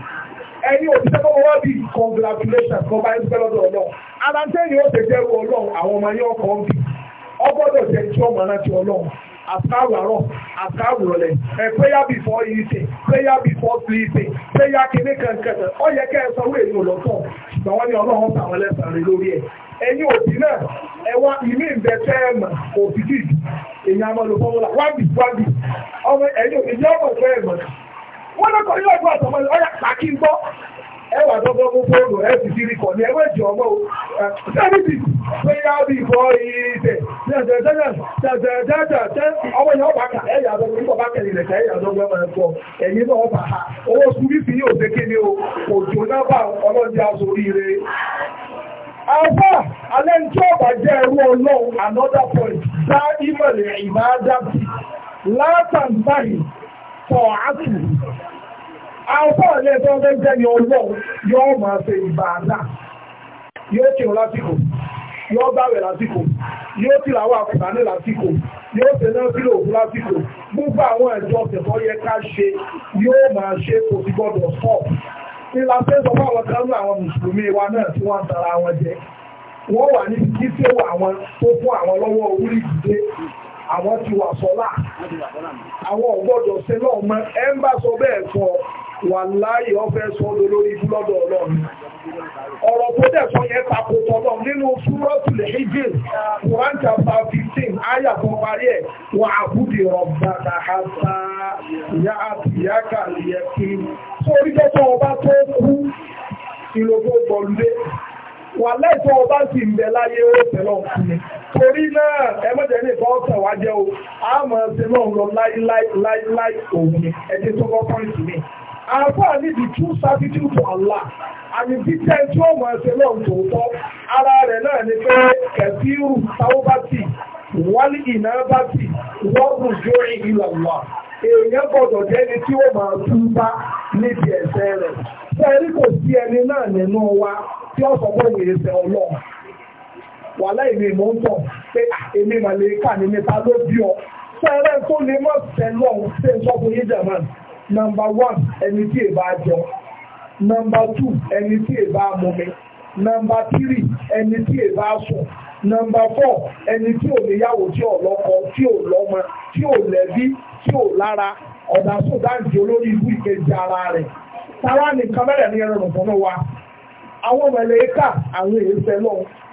ẹni òṣìṣẹ́ tó wọ́n bí congratulations kan bá ń pẹ́ lọ́dọ̀ ọlọ́run ara tẹ́yìn ó ṣe jẹ́rú ọlọ́run àwọn ọmọ yẹn ọkọ̀ ń bì ọgbọ́dọ̀ jẹ́ tí ọmọ náà ti ọlọ́run àtàrù àárọ̀ àtàrù ọ̀lẹ̀ ẹ̀ prayer before eating prayer before sleeping prayer kìíní kankan ó yẹ kẹ́ ẹ sọ wọ́n èyí ọlọ́tọ̀ ṣùgbọ́n wọ́n ní ọlọ́run tàwọn lẹ́sàn-án rẹ lórí ẹ̀ ẹ̀yin òbí náà ẹ̀wá ìmí ìbẹ̀tẹ́ ẹ̀mà òbí dìdì èyí àmọ́ ló fọ́wọ́lá wábì wábì ọmọ ẹ̀yin òbí yọ̀ọ̀ fẹ́ ẹ̀mà wọ́n lọ́kọ̀ nílẹ̀ ìgbà àtọ̀mọ́ ọ̀yà pàkí ń gbọ́ ẹwà tọ́gbọ́ gbogbo òrò ẹ ti fi ní ẹwẹ́ jù ọmọ pé bí ìfọ́ àwọn ọ̀lẹ́ tó ọdún jẹ́ ni ọlọ́ yóò máa ṣe ìbàdà yóò kírun lásìkò yóò gbàwẹ̀ lásìkò yóò ti làwọn àkùnrin ní lásìkò yóò ṣe náà sílò òkú lásìkò gbogbo àwọn ẹ̀jọ́ ọ̀sẹ̀ tó yẹ ká ṣe yóò máa ṣe kò sí gbọdọ̀ sọ ìlà sẹ́sọ fún àwọn kan ní àwọn mùsùlùmí wa náà tí wọ́n ń tara wọn jẹ wọ́n wà ní kí tí ó wà wọn tó fún àwọn lọ́wọ́ orí ìdílé àwọn ti wà sọ́lá àwọn ọ̀gbọ́dọ̀ ṣe náà mọ́ ẹ ń bá sọ bẹ́ẹ̀ fún ọ wà láyé ọfẹ́ sọ́dọ̀ lórí lọ́dọ̀ ọlọ́run ọ̀rọ̀ tó dẹ̀kọ́ yẹ pàkótọ̀ lọ nínú súrọ́tù lè ṣíjì Quran 15 parí ẹ̀ wà àbúdì rọ̀bàtà àṣà ìyá ọba ọba torí náà ẹmọ́jẹ̀ ní ìfọ́ ọ̀sẹ̀ wá o a mọ̀ náà lọ òun tó mi àáfàá níbi true servitude to Allah àmì títẹ́ tí ó mọ̀ ẹsẹ̀ náà tòótọ́ ara rẹ̀ náà ni pé kẹfíru taubati wọ́n ìnábàtì wọ́n rùn jórí ìlànà èèyàn gbọ́dọ̀ jẹ́ ẹni tí ó máa tún bá níbi ẹ̀ṣẹ̀ rẹ̀ fẹ́rí kò sí ẹni náà nínú wa tí ó sọ pé òun ẹ̀ṣẹ̀ ọlọ́run wà láìní mò ń tọ̀ pé ah, èmi màlẹ́kà ní nípa ló fún yíjà máa Number one ẹni tí èbá jọ nọmba two ẹni tí èbá mumi nọmba three ẹni tí èbá sùn nọmba four ẹni tí ò níyàwó tí ò lọ́kọ tí ò lọ́mọ tí ò lẹ́bí tí ò lára ọ̀dà sódáǹdì olórí ibú ìkejì ara rẹ̀ tara nìkan mẹ́rẹ̀ ní ẹran ọ̀sán náà wa àwọn mẹ̀lẹ́kà àwọn èèyàn fẹ́ lọ́wọ́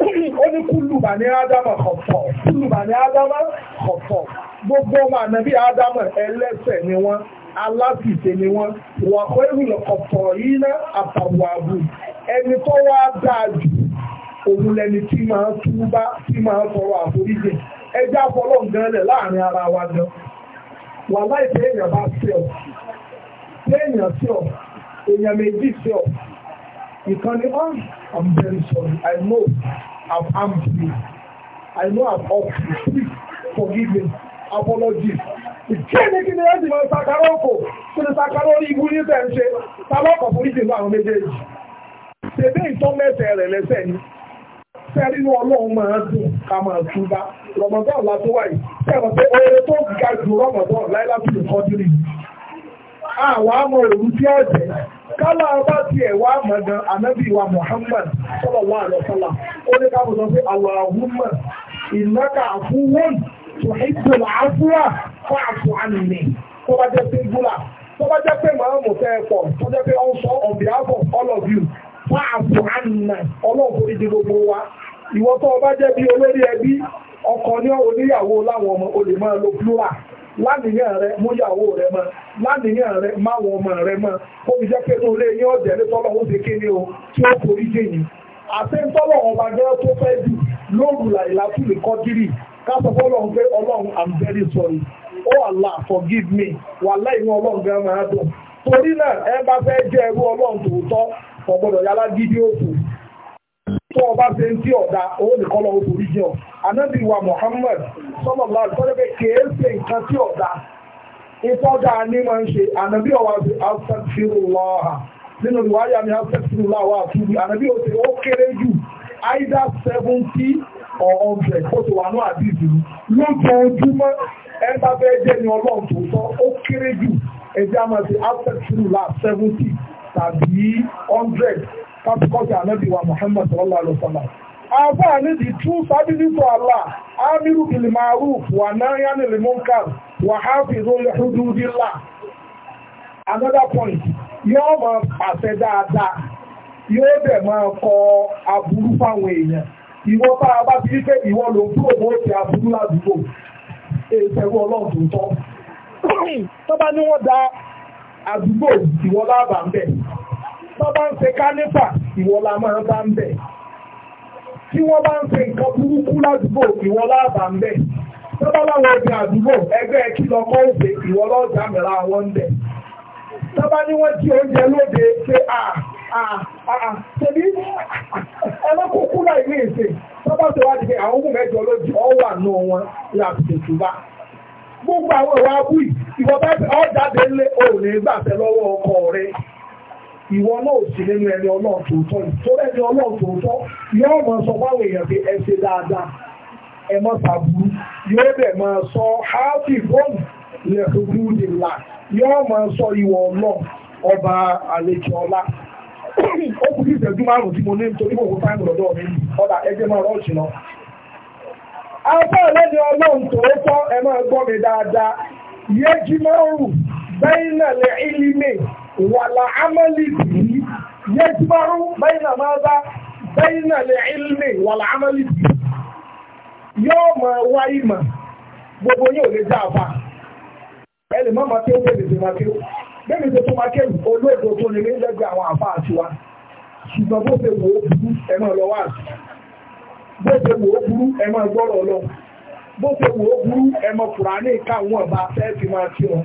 ó ní kúlù bà ní ádámà kọ̀pọ̀ kúlù bà ní ádámà kọ̀pọ̀ gbogbo ọmọ ànábì ádámà ẹlẹ́ṣẹ̀ ni wọ́n alábìsẹ̀ ni wọ́n wà kọ́ ìrìnlẹ̀ kọ̀pọ̀ yìí ná àtàwọ̀ àbù ẹni tó wá dáa jù òun lẹni tí máa túbá tí máa tọrọ àforíjì ẹjá fọlọ́ ganlẹ̀ láàrin ara wa gan wà láìpẹ́ èèyàn bá sí ọ èèyàn sí ọ èèyàn méjì sí ọ ìkan ni oh i'm very sorry i know i've harmed you i know i've hurt you please forgive me apology ìkéde kí ni ẹ ti máa ṣàkàrọ ọkọ kí ni ṣàkàrọ orí ibu ní bẹ́ẹ̀ ṣe tábàkọ̀ foríjì ní àwọn méjèèjì ṣèbí ìtọ́mẹ́sẹ̀ rẹ̀ lẹ́sẹ̀ ni sẹ́rínú ọlọ́run máa dùn ká máa túbá rọmọdán látó wáyé sẹ́wọ̀n pé oore tó ga jù rọmọdán láìláàbù lè kọ́ dírì àwọn àmọ́ òru tí ọ̀jẹ̀ kálá ọba ti ẹ̀wà àmọ̀gán ànábì wa Muhammad sallallahu alaihi wasallam ó ní ká bọ̀sọ̀ pé Allahumma innaka afuwun tuhibbul afwa fa'fu anni tó bá jẹ́ pé gúlà tó bá jẹ́ pé màámù fẹ́ pọ̀ tó jẹ́ pé ọ̀n sọ all of you fa'fu wa jẹ́ bí olórí ẹbí ní òníyàwó láwọn lánìyàn rẹ múyàwó rẹ mọ́ lánìyàn rẹ máwọn ọmọ rẹ mọ́ kó fi jẹ́ pé inú ilé yín ọ̀jẹ̀ lé tọ́lọ̀ ó ṣe ní o tí ó forí jẹ́ yìí àti tọ́lọ̀ ọba tó fẹ́ jù lóòrù pé ọlọ́run i'm very sorry oh allah forgive me wà láìní ọlọ́run máa dùn tó ọba ṣe ń tí ọ̀dà owó nìkan lọ́wọ́ torí jẹ́ ọ anábì wa Muhammad sallallahu alaihi wasallam kèé ṣe nǹkan tí ọ̀dà ìtọ́jà ní máa ń ṣe anábì ọwà ṣe astaghfirullah nínú ìwáyà mi astaghfirullah wà túbi anábì ó ṣe ó kéré jù either seventy or hundred kó tó wà ní àdìsí lójoojúmọ́ ẹ bá fẹ́ jẹ́ ní ọlọ́run tó sọ ó kéré jù ẹ̀jẹ̀ á máa ṣe astaghfirullah seventy tàbí hundred kápíkọ́sì ànábì wa Muhammad sallallahu alaihi wasallam àbá ní the true service to Allah amiru bil wa nahyan munkar wa hafizu li another point yóò máa pàṣẹ dáadáa yóò dẹ̀ máa kọ aburú fáwọn èèyàn ìwọ bá a bá ti rí pé ìwọ ló ń kúrò mọ́ ti aburú ládùúgbò èèfẹ̀rú ọlọ́run tó tọ́ tó bá ní wọ́n da àdúgbò ìwọ lábàá ń bẹ̀ tó bá ń ṣe kánífà ìwọlá máa bá ń bẹ̀ tí wọ́n bá ń ṣe nǹkan burúkú ládùúgbò ìwọlá bá ń bẹ̀ tó bá láwọn obìnrin àdúgbò ẹgbẹ́ kí lọ́kọ́ òfè ìwọlá ọjà mẹ́ra wọn ń bẹ̀ tó bá ní wọ́n jí oúnjẹ lóde pé à à à tẹ̀lé ẹlọ́kùnkú láì ní ìsè tó bá ṣe wá di pé àwọn ohun mẹ́jọ lójú ọ wà nù wọn gbogbo àwọn ìwà abúlé ìwọ bá ọjà délé òun ní gbàtẹ lọ́wọ́ ọkọ rẹ̀ ìwọ náà sí nínú ẹni ọlọ́run tòótọ́ tó lẹ́ni ọlọ́run tòótọ́ yóò mọ̀ sọ báwọn èèyàn pé ẹ ṣe dáadáa ẹ mọ́ sàbúrú yóò dẹ̀ máa sọ háàtì bọ́ọ̀lù lẹ́kùnkú dìlà yóò máa sọ ìwọ ọlọ́run ọba àlejò ọlá ó kú sí ìṣẹ́jú márùn-ún tí mo ní nítorí gbogbo táìmù lọ́dọ̀ mi ọ̀dà ẹgbẹ́ máa rọ́ọ̀ṣì lọ. afẹ́ lẹ́ni ẹ wàlà amẹ́lì bìí yẹ́tìmọ́rú bẹ́yìnà máa bá lè ilmi wàlà amẹ́lì bìí yóò mọ̀ wá gbogbo yóò lè já afọ a. mọ́mọ́ tí ó bẹ̀rẹ̀ tó tó máa kéwù olóòtú tó lè lẹ́gbẹ̀ẹ́ àwọn àfà àti wa ṣùgbọ́n bó ṣe wò ó burú ẹ máa lọ wá bó ṣe wò ó burú ẹ máa gbọ́rọ̀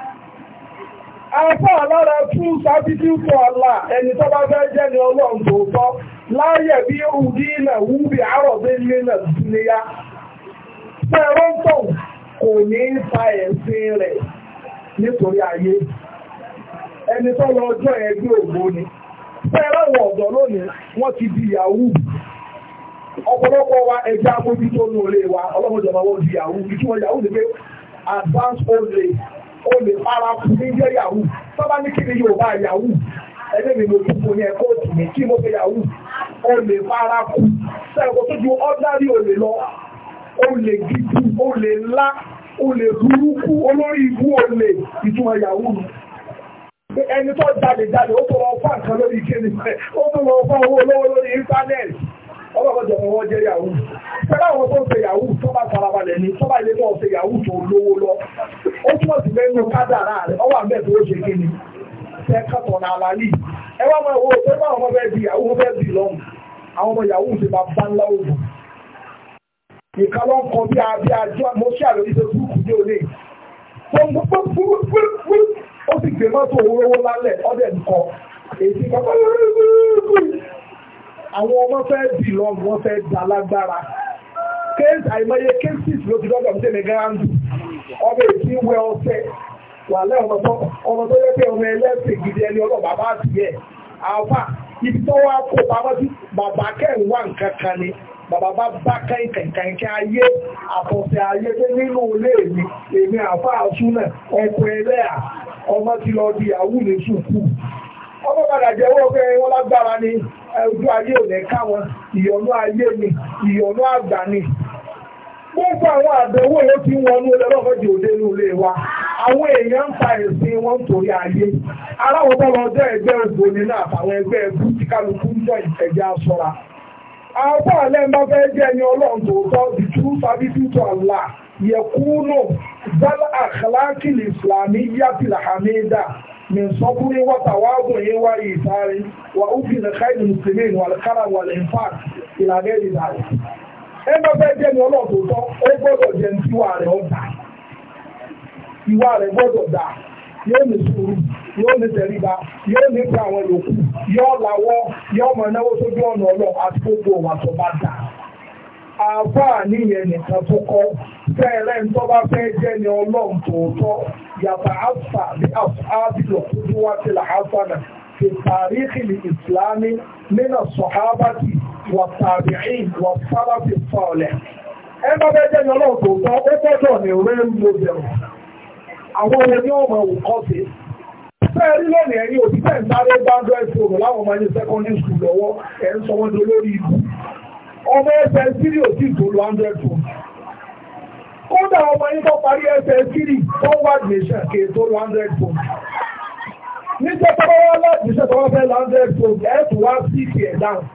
afọ alára fún sábídí fún ọlá ẹni tó fẹ́ jẹ́ ni ọlọ́run tòótọ́ láyẹ̀ bí òdí ilẹ̀ wúbi àárọ̀ bí ilé ilẹ̀ níyá pẹ̀rọ́ntọ̀n kò ní fa ẹ̀sìn rẹ̀ nítorí ayé ẹni lọ ni ọ̀dọ́ lónìí wọ́n ti di yahoo ọ̀pọ̀lọpọ̀ wa ẹja mójútó nù lé wa ọlọ́mọdé ọmọ wọn di yahoo ni o lè para fún ní jẹ́ yahoo tó bá ní kí ni yóò bá yahoo ẹlẹ́mi mi tún fún ní ẹ̀kọ́ òtù ní kí mo fẹ́ yahoo o lè para fún sẹ́kọ̀ tó ju ọ́dárì o lè lọ o lè gidi o lè lá o lè burúkú olórí ibú o lè ìtumọ̀ yahoo ẹni tó jáde jáde ó tó lọ fún àǹkan lórí kéde ó tó lọ fún owó olówó lórí íńtánẹ́ẹ̀tì ọlọ́gbọ́jọ ni wọ́n jẹ́ yahoo pẹ̀lú àwọn tó ń ṣe yahoo tó bá farabalẹ̀ ní tó bá ilé náà ṣe yahoo tó lówó lọ ó túmọ̀ sí pé nínú kádàrá rẹ̀ ọwọ́ àmì ẹ̀sìn ó ṣe kí ni ṣe kàtọ̀ náà lálẹ́ ẹ wá máa wo pé báwọn ọmọ bẹ́ẹ̀ di yahoo wọ́n bẹ́ẹ̀ di lọ́hùn àwọn ọmọ yahoo ti máa bá ńlá òògùn ìka ló ń kọ bí abí ajọ́ mo ṣe àlòyé ṣe gúrùkù ní òní ó sì gbé mọ́tò owó lálẹ̀ ọ́dẹ̀ nǹkan èyí àwọn ọmọ fẹ́ dì lọ́n wọ́n fẹ́ dà lágbára kéèsì àìmọye kéèsì ló ti dọ́dọ̀ ní tèmi gáàndù ọmọ èsì wẹ ọsẹ wà lẹ́ ọmọ tó yẹ pé ọmọ ẹlẹ́sìn gidi ẹni ọlọ́ bàbá àtìyẹ àfà ibi tó wá kó pamọ́ sí bàbá kẹ́ẹ̀wá nǹkan kan ni bàbá bá bá ọkọ̀ ẹlẹ́à wọ́n lágbára ni ojú ayé ò lẹ́ka wọn ìyọ̀nú ayé ni ìyọ̀nú àgbà ni gbogbo àwọn àdánwò ló ti wọnú ọlọ́fẹ́jì òde ní ilé wa àwọn èèyàn ń pa ẹ̀sìn wọn torí ayé aláwọ̀ lọ jẹ́ ẹgbẹ́ ògbóni náà àfàwọn ẹgbẹ́ kálukú ń ìtẹ̀jẹ́ aṣọra àwọn ń bá fẹ́ jẹ́ ẹni ọlọ́run tòótọ́ من صبر وتواضع وإيثار وأوفي خير المسلمين والكرم والإنفاق إلى غير ذلك. ẹ bá fẹ́ jẹ́ ní ọlọ́tọ̀ọ̀tọ̀ ó gbọ́dọ̀ jẹ́ ní tiwa rẹ̀ ọ̀dà ìwà rẹ̀ gbọ́dọ̀ dà yóò ní sùúrù yóò ní tẹríba yóò ní pé àwọn yòókù yóò lawọ́ yóò mọ náwó sójú ọ̀nà ọlọ́ọ̀ àti gbogbo òwà tó bá dà àáfàá níyẹn nìkan tó kọ́ fẹ́ẹ́rẹ́ ń bá fẹ́ jẹ́ ní ọlọ́ọ̀tọ̀ọ̀tọ̀ yàtà àfà bí àfàbílò tó wá sí làásánà fi tàríkì ìsìlámi nínà sọ̀hábàtì wà tàbíìn wà sábàtì sọ̀ọ̀lẹ̀ ẹ bá bẹ́ jẹ́ ọlọ́ọ̀tọ̀ ó gbọ́dọ̀ ní orí mọ́bẹ̀rù àwọn ohun ní ọmọ òkọ́ sí fẹ́ẹ̀rí lónìí ẹ̀yìn òbíbẹ̀ ń sáré gbáńdọ́ ẹ̀fọ́ rẹ̀ láwọn ọmọ ní secondary school lọ́wọ́ ẹ̀ ń sọ wọn dolórí ìlú ọmọ ẹgbẹ́ sírí òtí ìdòlò 100 kódà ọmọ yín tó parí ẹsẹ̀ kiri tó wà gbèsẹ̀ kè tó lọ hundred pound níjẹ́ tọ́wọ́ wá lágbèsẹ̀ tọ́wọ́ fẹ́ lọ hundred pound ẹ̀ tó wá sí ìpè ẹ̀ dáhùn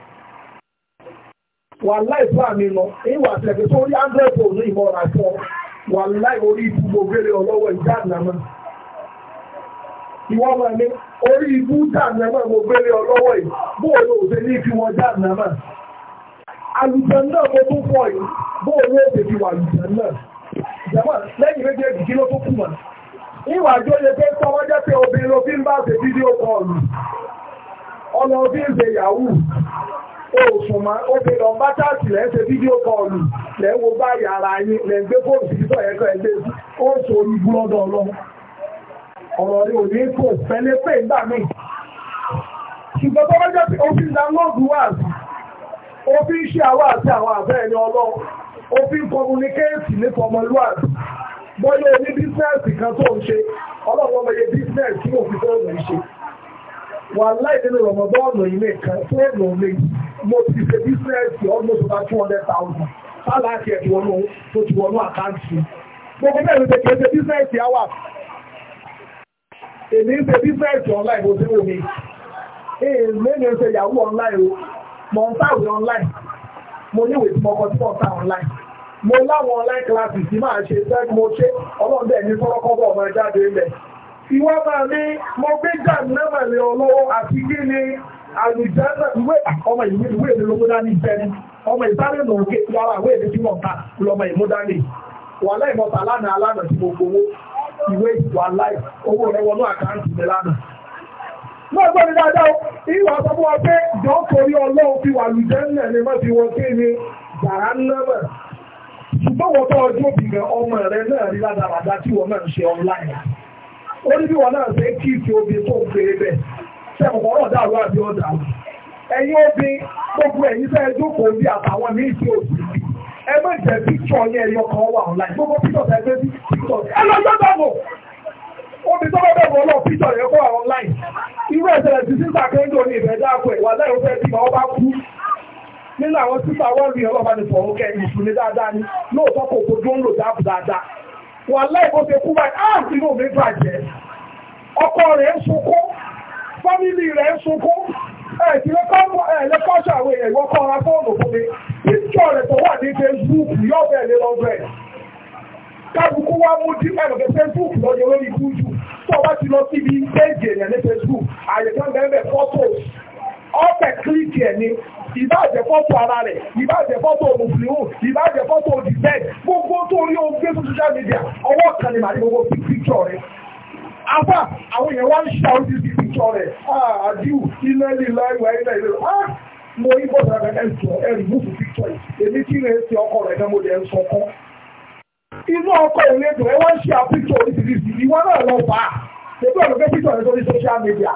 wà láì fún àmì lọ ìwà tẹ̀lé tó rí hundred pound ní ìmọ̀ ọ̀rà fún ọ wà láì orí ìfúgbò gbére ọlọ́wọ́ ìjà àdàmọ́ ìwọ́n máa ní orí ibú jàǹdàmà mo gbélé ọlọ́wọ́ yìí bóòlù òde ní fi wọn jàǹdàmà àlùjànnà mo tún pọ̀ yìí bóòlù òde fi wà àlùjànnà Jẹ̀mọ́ lẹ́yìn méjèèjì kí ló tó kù mọ̀. Ìwà àjọ lè pé tọ́wọ́ jẹ́ pé obìnrin ló fi ń bá ṣe fídíò kọ́ọ̀lù. Ọlọ fi ń ṣe yahoo. Oòsùn máa ó fi lọ bá táàtì lẹ́ ń ṣe fídíò kọ́ọ̀lù. Lẹ́ ń wo bá yàrá yín lẹ́ ń gbé fóònù sí sọ ẹ̀kọ́ ẹgbẹ́ so ibú lọ́dọ̀ ọlọ́run. Ọ̀rọ̀ ni òní kò fẹ́lẹ́ pé ìgbà míì. Ṣùgbọ́n tọ́wọ́ jẹ́ pé ó fi ń download wáàsì. Ó fi ń ṣe àwọn àti àwọn ó fi ń communicate ní fọmọlúwàbí bọ́yá oní bísínẹ́sì kan tó ń ṣe ọlọ́run ọmọ iye bísínẹ́sì tí òfin tó ń ṣe wà láì nínú rọmọdọ́ọ̀nù ilé kan tó ń lò lè mo ti ṣe bísínẹ́sì almost over two hundred thousand sáláàkì ẹ̀ wọnú tó ti wọnú àkáǹtì gbogbo bẹ́ẹ̀ ló ṣe kí n ṣe bísínẹ́sì àwà èmi ń ṣe bísínẹ́sì online mo ṣe wò mí èmi ń ṣe yahoo online o online mo níwèé tí mo kọ tí mo ta online mo láwọn online classes tí máa ṣe fẹ́ mo ṣe ọlọ́run bẹ́ẹ̀ ní fọ́lọ́kọ́bọ̀ ọmọ jáde ilẹ̀ ìwọ́ máa ní mo gbé jàm náà lè ọlọ́wọ́ àti kí ni àlùjáde ìwé ọmọ ìwé ìwé ìlú lóko dání bẹni ọmọ ìsáré nà òkè yàrá ìwé ìlú tí wọ́n ta lọmọ ìmúdání Wọ́n gbọ́ mi dáadáa, ìwà àbábọ́ wa pé jọ́n torí ọlọ́run fi wà lùjẹ́ ńlẹ̀ ni má fi wọ́n kí ni bàrá nọ́mọ̀. Ṣùgbọ́n wọ́n tọ́ ọjọ́ bìgàn ọmọ rẹ náà rí ládàradà tí wọ́n náà ń ṣe online. Ó ní bí wọ́n náà ṣe kí ti obi tó ń pèrè bẹ̀. Ṣẹ̀kọ̀kọ̀ ọ̀rọ̀ dàrú àbí ọ̀dà. Ẹ̀yin obì gbogbo ẹ̀yin fẹ́ jókòó bí àtàwọn míì tí ò sí. Ẹ má jẹ́ píkṣọ̀ yẹn ẹyọ kan wà online. Gbogbo píkṣọ̀ omi tó bẹ́ẹ̀ bẹ́ẹ̀ lọ píṣọ̀ rẹ̀ kọ́ online irú ẹ̀sẹ̀lẹ̀ sí sísà kẹ́ńdò ní ìfẹ́ dáàbò ẹ̀wà lẹ́yìn fẹ́ bí ọba kú nínú àwọn sísà wọ́n rí ọlọ́ba ní sọ̀rọ̀ kẹ́ ìṣúlẹ̀ dáadáa ni lóòótọ́ kò kò tó ń lò dáàbò dáadáa wà láì bó ṣe kú báyìí áà sí inú mi bàjẹ́ ọkọ rẹ̀ ń sunkún fámìlì rẹ̀ ń sunkún ẹ̀ẹ̀lẹ́kọ́ṣọ́ àwọn èèyàn ìwọ́kọ́ ra fóònù fún mi ìjọ rẹ̀ tó wà ní Facebook yọ́bẹ̀ẹ́lẹ́ lọ́gbẹ̀ẹ́ kálukú wá mú dí ẹ̀rọ̀gẹ́ Facebook lọ́jọ́ lórí gúúsù tó o bá ti lọ síbi péjì èèyàn ní Facebook àyè kan bẹ̀rẹ̀ photos ọ̀pẹ̀ kílíkì ẹ̀ ni ìbáàjẹ́ fọ́tò ara rẹ̀ ìbáàjẹ́ fọ́tò mùsùlùmù ìbáàjẹ́ fọ́tò òdìbẹ́ gbogbo tó rí ohun gbé social media ọwọ́ kan ní màdí gbogbo píkítọ̀ rẹ̀ afá àwọn èèyàn wá ń ṣe àwọn ìdí píkítọ̀ rẹ̀ àdíwù ilẹ̀ lílọ ìwà ilẹ̀ ìlú mo yí bọ́ọ̀dù rẹ̀ ẹ̀ ń sọ ẹ̀ ń mú inú ọkọ̀ ìrìnàjò ẹ wọ́n ṣe àpíkọ̀ oríṣiríṣi ìwọ náà lọ fà á ṣètò ọ̀rọ̀ pé píkọ̀ rẹ̀ lórí social media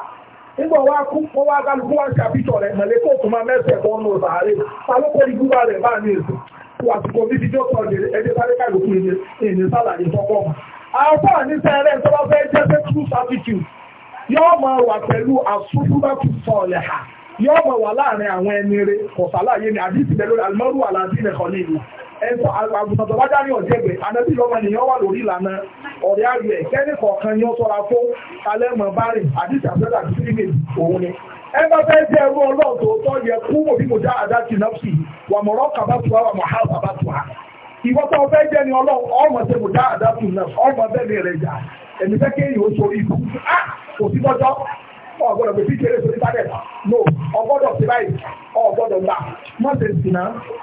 nígbà wá kú wọ́n wá kálukú wá ṣe àpíkọ̀ rẹ̀ mọ̀lẹ́ kó tó máa mẹ́sẹ̀ bọ́ nù sàárè alókò ní gúgbà rẹ̀ bá ní èso àsìkò ní fídíò kan ní ẹgbẹ́ sáré kálukú ní èdè sálàyé tọ́kọ́ àwọn ní sẹ́rẹ̀ tó bá fẹ́ jẹ́ pé true servitude yóò máa wà pẹ̀lú àsúgbùmọ́tò sọ̀ọ̀lẹ̀ ha yóò máa wà láàrin àwọn ẹni rẹ̀ kọ̀sálàyé ní àdìsí lẹ́lórí àlùmọ́rù àlàdí nìkan nílùú ẹ̀sọ́ àgùntàn tó bá dá ní ọ̀jẹ̀gbẹ̀ anábì lọ́mọ ènìyàn wà lórí ìlànà ọ̀rẹ́ àrùn ẹ̀ kẹ́ni kọ̀ọ̀kan ni ó sọ́ra fún alẹ́mọ̀ bárìn àdìsí àfẹ́dà àti sílímì òun ni ẹ bá fẹ́ jẹ́ ẹrú ọlọ́run tó tọ́ yẹ kú òbí mo já àdá ti náà sí wà mọ̀rọ́ kàbátùwá wà ni ọlọ́run ọmọ tẹ mo já àdá tù náà ni rẹ̀ jà ẹ̀mí fẹ́ ọ̀gbọ́dọ̀ pé kékeré sórí sábẹ̀ta no ọ̀gbọ́dọ̀ sí báyìí ọ̀gbọ́dọ̀ gbà mọ́tẹ̀ sínà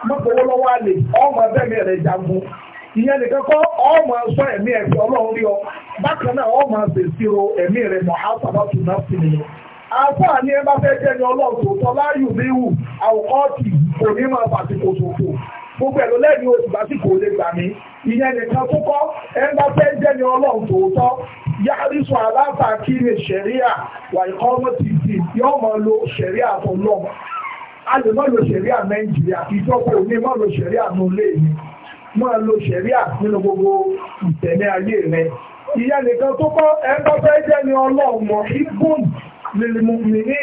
mọ́tòwó lọ́wọ́ àlè ọmọ ẹgbẹ́mi rẹ̀ jagun ìyẹn nìkan kọ́ ọmọ sọ ẹ̀mí ẹ̀ ọlọ́run rí ọ bákan náà ọmọ ṣèṣirò ẹ̀mí rẹ̀ mọ̀ áṣàbàtù náà sì nìyẹn àfáà ní ẹ bá fẹ́ jẹ́ ní ọlọ́run tó tọ́ láyù níhù àwòkọ́ọ̀tì kò ní máa fàtìkò ṣòfò gbogbo ẹ̀lú lẹ́yìn oṣù bá sì kò lè gbà mí ìyẹn nìkan tó kọ́ ẹ bá fẹ́ jẹ́ ní ọlọ́run tó tọ́ yáàrísọ aláfàkiri ṣẹ̀ríà wà ìkọ́mọ́ ti di yọ́ mọ́ lo ṣẹ̀ríà tó lọ a lè mọ́ lo ṣẹ̀ríà nàìjíríà ìjọba òní mọ́ lo ṣẹ̀ríà nù lé mi mọ́ lo ṣẹ̀ríà nínú gbogbo ìtẹ̀lẹ́ ayé rẹ̀ ìyá nìkan tó kọ́ ẹgbẹ́ fẹ́ jẹ́ ni ọlọ́ọ̀mọ̀ ibùn lèmùmìnì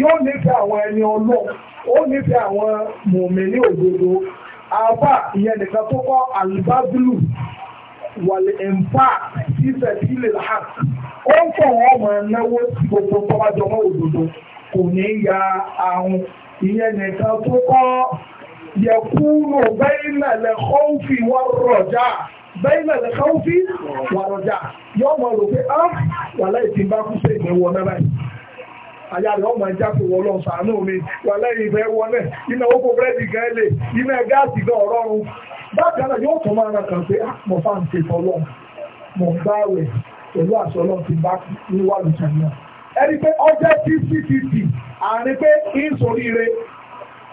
yóò nífẹ̀ẹ́ àwọn ẹni ọlọ́ọ̀ ó nífẹ̀ẹ́ àwọn mùmìnì wàlẹ̀ ẹ̀ǹfà ìfẹ̀ sílẹ̀ làhàt ó ń fọ̀ wọ́n máa náwó gbogbo tọ́bájọmọ́ òdodo kò ní ya àrùn ìyẹn nìkan tó kọ́ yẹkúrò bẹ́ẹ̀lẹ̀ lẹ́kọ́ọ̀fì wọ́n rọ̀jà bẹ́ẹ̀lẹ̀ lẹ́kọ́ọ̀fì wọ́n rọ̀jà yọ́ mọ̀ rò pé á ah, wà láìsí bá kú sí ìgbẹ̀wọ̀ náà báyìí àyà rẹ̀ ọmọ ẹja kò wọ́n lọ mi wà ìfẹ́ wọlé iná owó búrẹ́dì gan iná gáàsì gan ọ̀rọ̀run bákan náà yóò tún máa ra kàn pé ah, mo fà ń ọlọ́run bá rẹ̀ pẹ̀lú àṣọ ọlọ́run ti bá wíwá lùtà náà ẹni pé ọjọ́ fifty fifty àárín pé ń soríire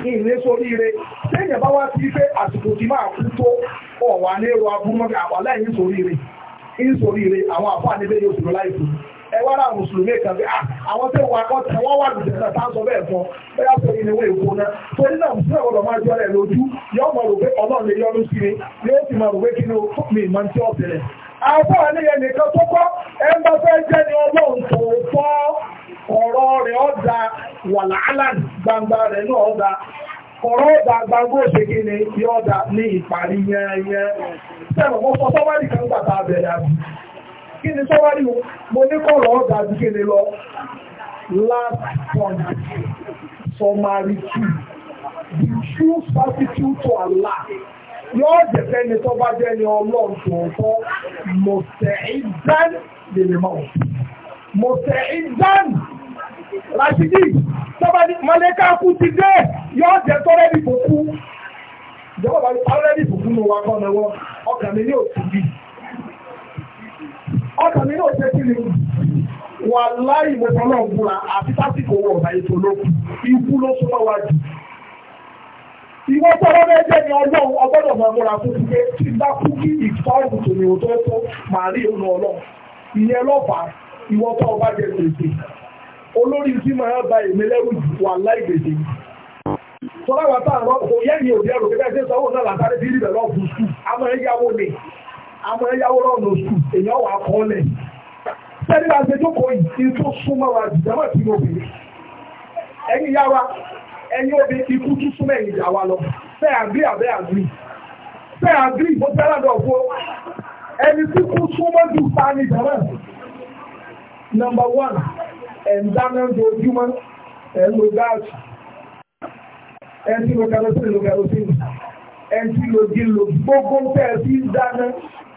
ìrìn soríire téèyàn bá wá sí pé ẹwàrà mùsùlùmí kan bí ah, àwọn tí wọ́n wà lùdẹ̀ náà tá ń sọ bẹ́ẹ̀ fún bẹ́ẹ̀ tó yìí níwé èkó náà tó ní náà mùsùlùmí ọ̀dọ̀ máa jọ rẹ̀ lójú mọ̀ ọlọ́run lè mi yóò sì kí ni ó mi tí ó bẹ̀rẹ̀. àwọn àníyàn nìkan tó kọ́ ẹ ń bá fẹ́ jẹ́ ni ọlọ́run tó fọ́ ọ̀rọ̀ kí ni sọ́wárí mo ní kọ̀rọ̀ ọ̀dà àti kí ni lọ last point summary two the true substitute to Allah yóò jẹ́fẹ́ ni tó bá jẹ́ ni ọlọ́run tòótọ́ mọ̀tẹ̀ẹ́dán lè lè máa mọ̀tẹ̀ẹ́dán Rashidi tó bá ní Màlẹ́ká kú ti dé yóò jẹ́ tó rẹ́dì fòkú ìjọba bá ní ọ̀rẹ́dì fòkú ní wa kọ́ mẹ́wọ́ ọkàn mi ní òtún bíi ọkàn mi yóò ṣe kí ni wà láì mo tán náà gbúra àti sásìkò owó ọ̀gá ètò olókùn ikú ló súnmọ́ wa jù. Ìwọ́n tó ọlọ́dẹ jẹ́ ni ọlọ́run ọgbọ́dọ̀ máa múra fún ti pé tí bá kú kí ìfọ́ọ̀rù tó ní òótọ́ tó màá rí òun ọlọ́run. Ìyẹn lọ́fàá ìwọ́n tó ọba jẹ gbèsè. Olórí tí máa ba èmi lẹ́rù jù wà láì gbèsè. Sọlá wa tá àrọ́ kò yẹ́ ni òbí ẹrù pé bẹ́ẹ̀ ṣe sọ àwọn ẹ̀yáwó lọ́nà oṣù èèyàn wà kọ́lẹ̀ sẹ́ni bá ṣe jókòó yìí tó súnmọ́ wa jìjàmọ́ tí mo bèèrè ẹ̀yin yá wa ẹ̀yin obì ikú tún súnmọ́ ẹ̀yin ìjà wa lọ fẹ́ àgbí àbẹ́ àgbí fẹ́ àgbí bó fẹ́ lọ́dọ̀ fún ẹni tí kú súnmọ́ ju pani jàmọ́ nọ́mbà wán ẹ̀ńdáná dojúmọ́ ẹ̀ńlò gáàsì ẹ̀ńtí lo kẹrọsìn lo kẹrọsìn ẹ̀ńtí lo gílò gbogbo fẹ́ẹ̀ sí dáná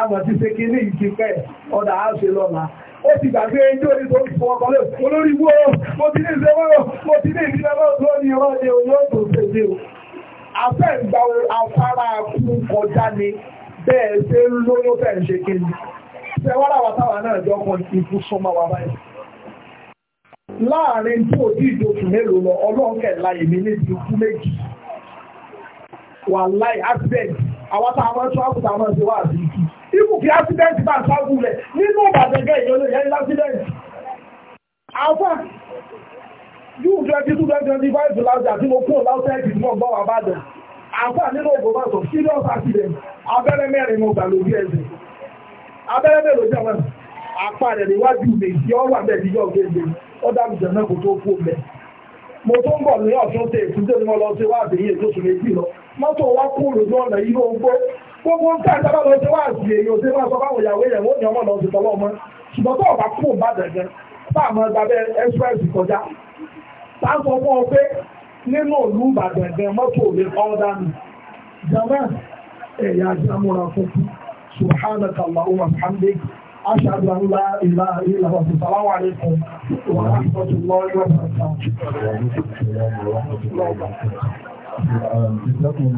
àmọ̀ ti ṣe kíní ìdí pẹ́ ọ̀dà á ṣe ó ti gbàgbé ẹjọ́ ní tó ń fọ ọkọ̀ lẹ́ olórí wó mo ti ní ìṣẹ́ wọ́rọ̀ mo ti ní ìdílé lọ́dún ní ọ̀rọ̀ ni yóò tó ṣe dé o afẹ́ ìgbà afárá kú kọjá ni bẹ́ẹ̀ ṣe ń lóyún fẹ́ ń ṣe kíni ṣe wọ́rà wà táwa náà jọ kan ikú súnmọ́ wa báyìí láàrin tí ò dí ìdòtù mélòó lọ ọlọ́ọ̀kẹ́ láyé mi ní ti kú méjì wà láì accident àwọn táwọn tó àkùtà máa ṣe wà àbí ìkú ibù kí accident bá ṣáàbù rẹ̀ nínú ìbàdẹ̀gẹ́ ìyọlẹ̀ yẹn lásìdẹ̀ntì àfà yóò jẹ́ títú twenty five láti àti mo kúrò láwùsẹ́ẹ̀kì mọ́ gbọ́ wà bá dẹ̀ àfà nínú ìbòmọ̀tò serious accident abẹ́rẹ́ mẹ́rin mo gbà lórí ẹ̀sẹ̀ abẹ́rẹ́ mẹ́rin ló jẹ́ wọn apá rẹ̀ níwájú méjì ọwà mẹ́rin yóò gbé ọdá ìjọ náà kò tó kú mẹ́ mo tó ń bọ̀ ní ọ̀ṣun tẹ̀ ìfúnjẹ́ ni mo lọ sí wá àbẹ̀yẹ tó sùn méjì lọ mọ́tò wá kúrò lójú ọ̀nà yìí ló ń gbọ́ gbogbo ń tẹ́ ìjọba lọ sí wá sí èyí ò sí máa sọ báwọn ìyàwó ìyàwó ní ọmọ lọ sí tọlọ ọmọ ṣùgbọ́n tó ọba kú bá dẹ̀gẹ́ bá àmọ́ gbàgbé express kọjá bá sọ fún ọ pé nínú òlú ìbàdàn mọ́tò lè ọ́dá mi jama ẹ̀yà jàmúra fúnfún subhanaka allahumma wa bihamdik ashhadu an la ilaha illa anta assalamu alaykum wa rahmatullahi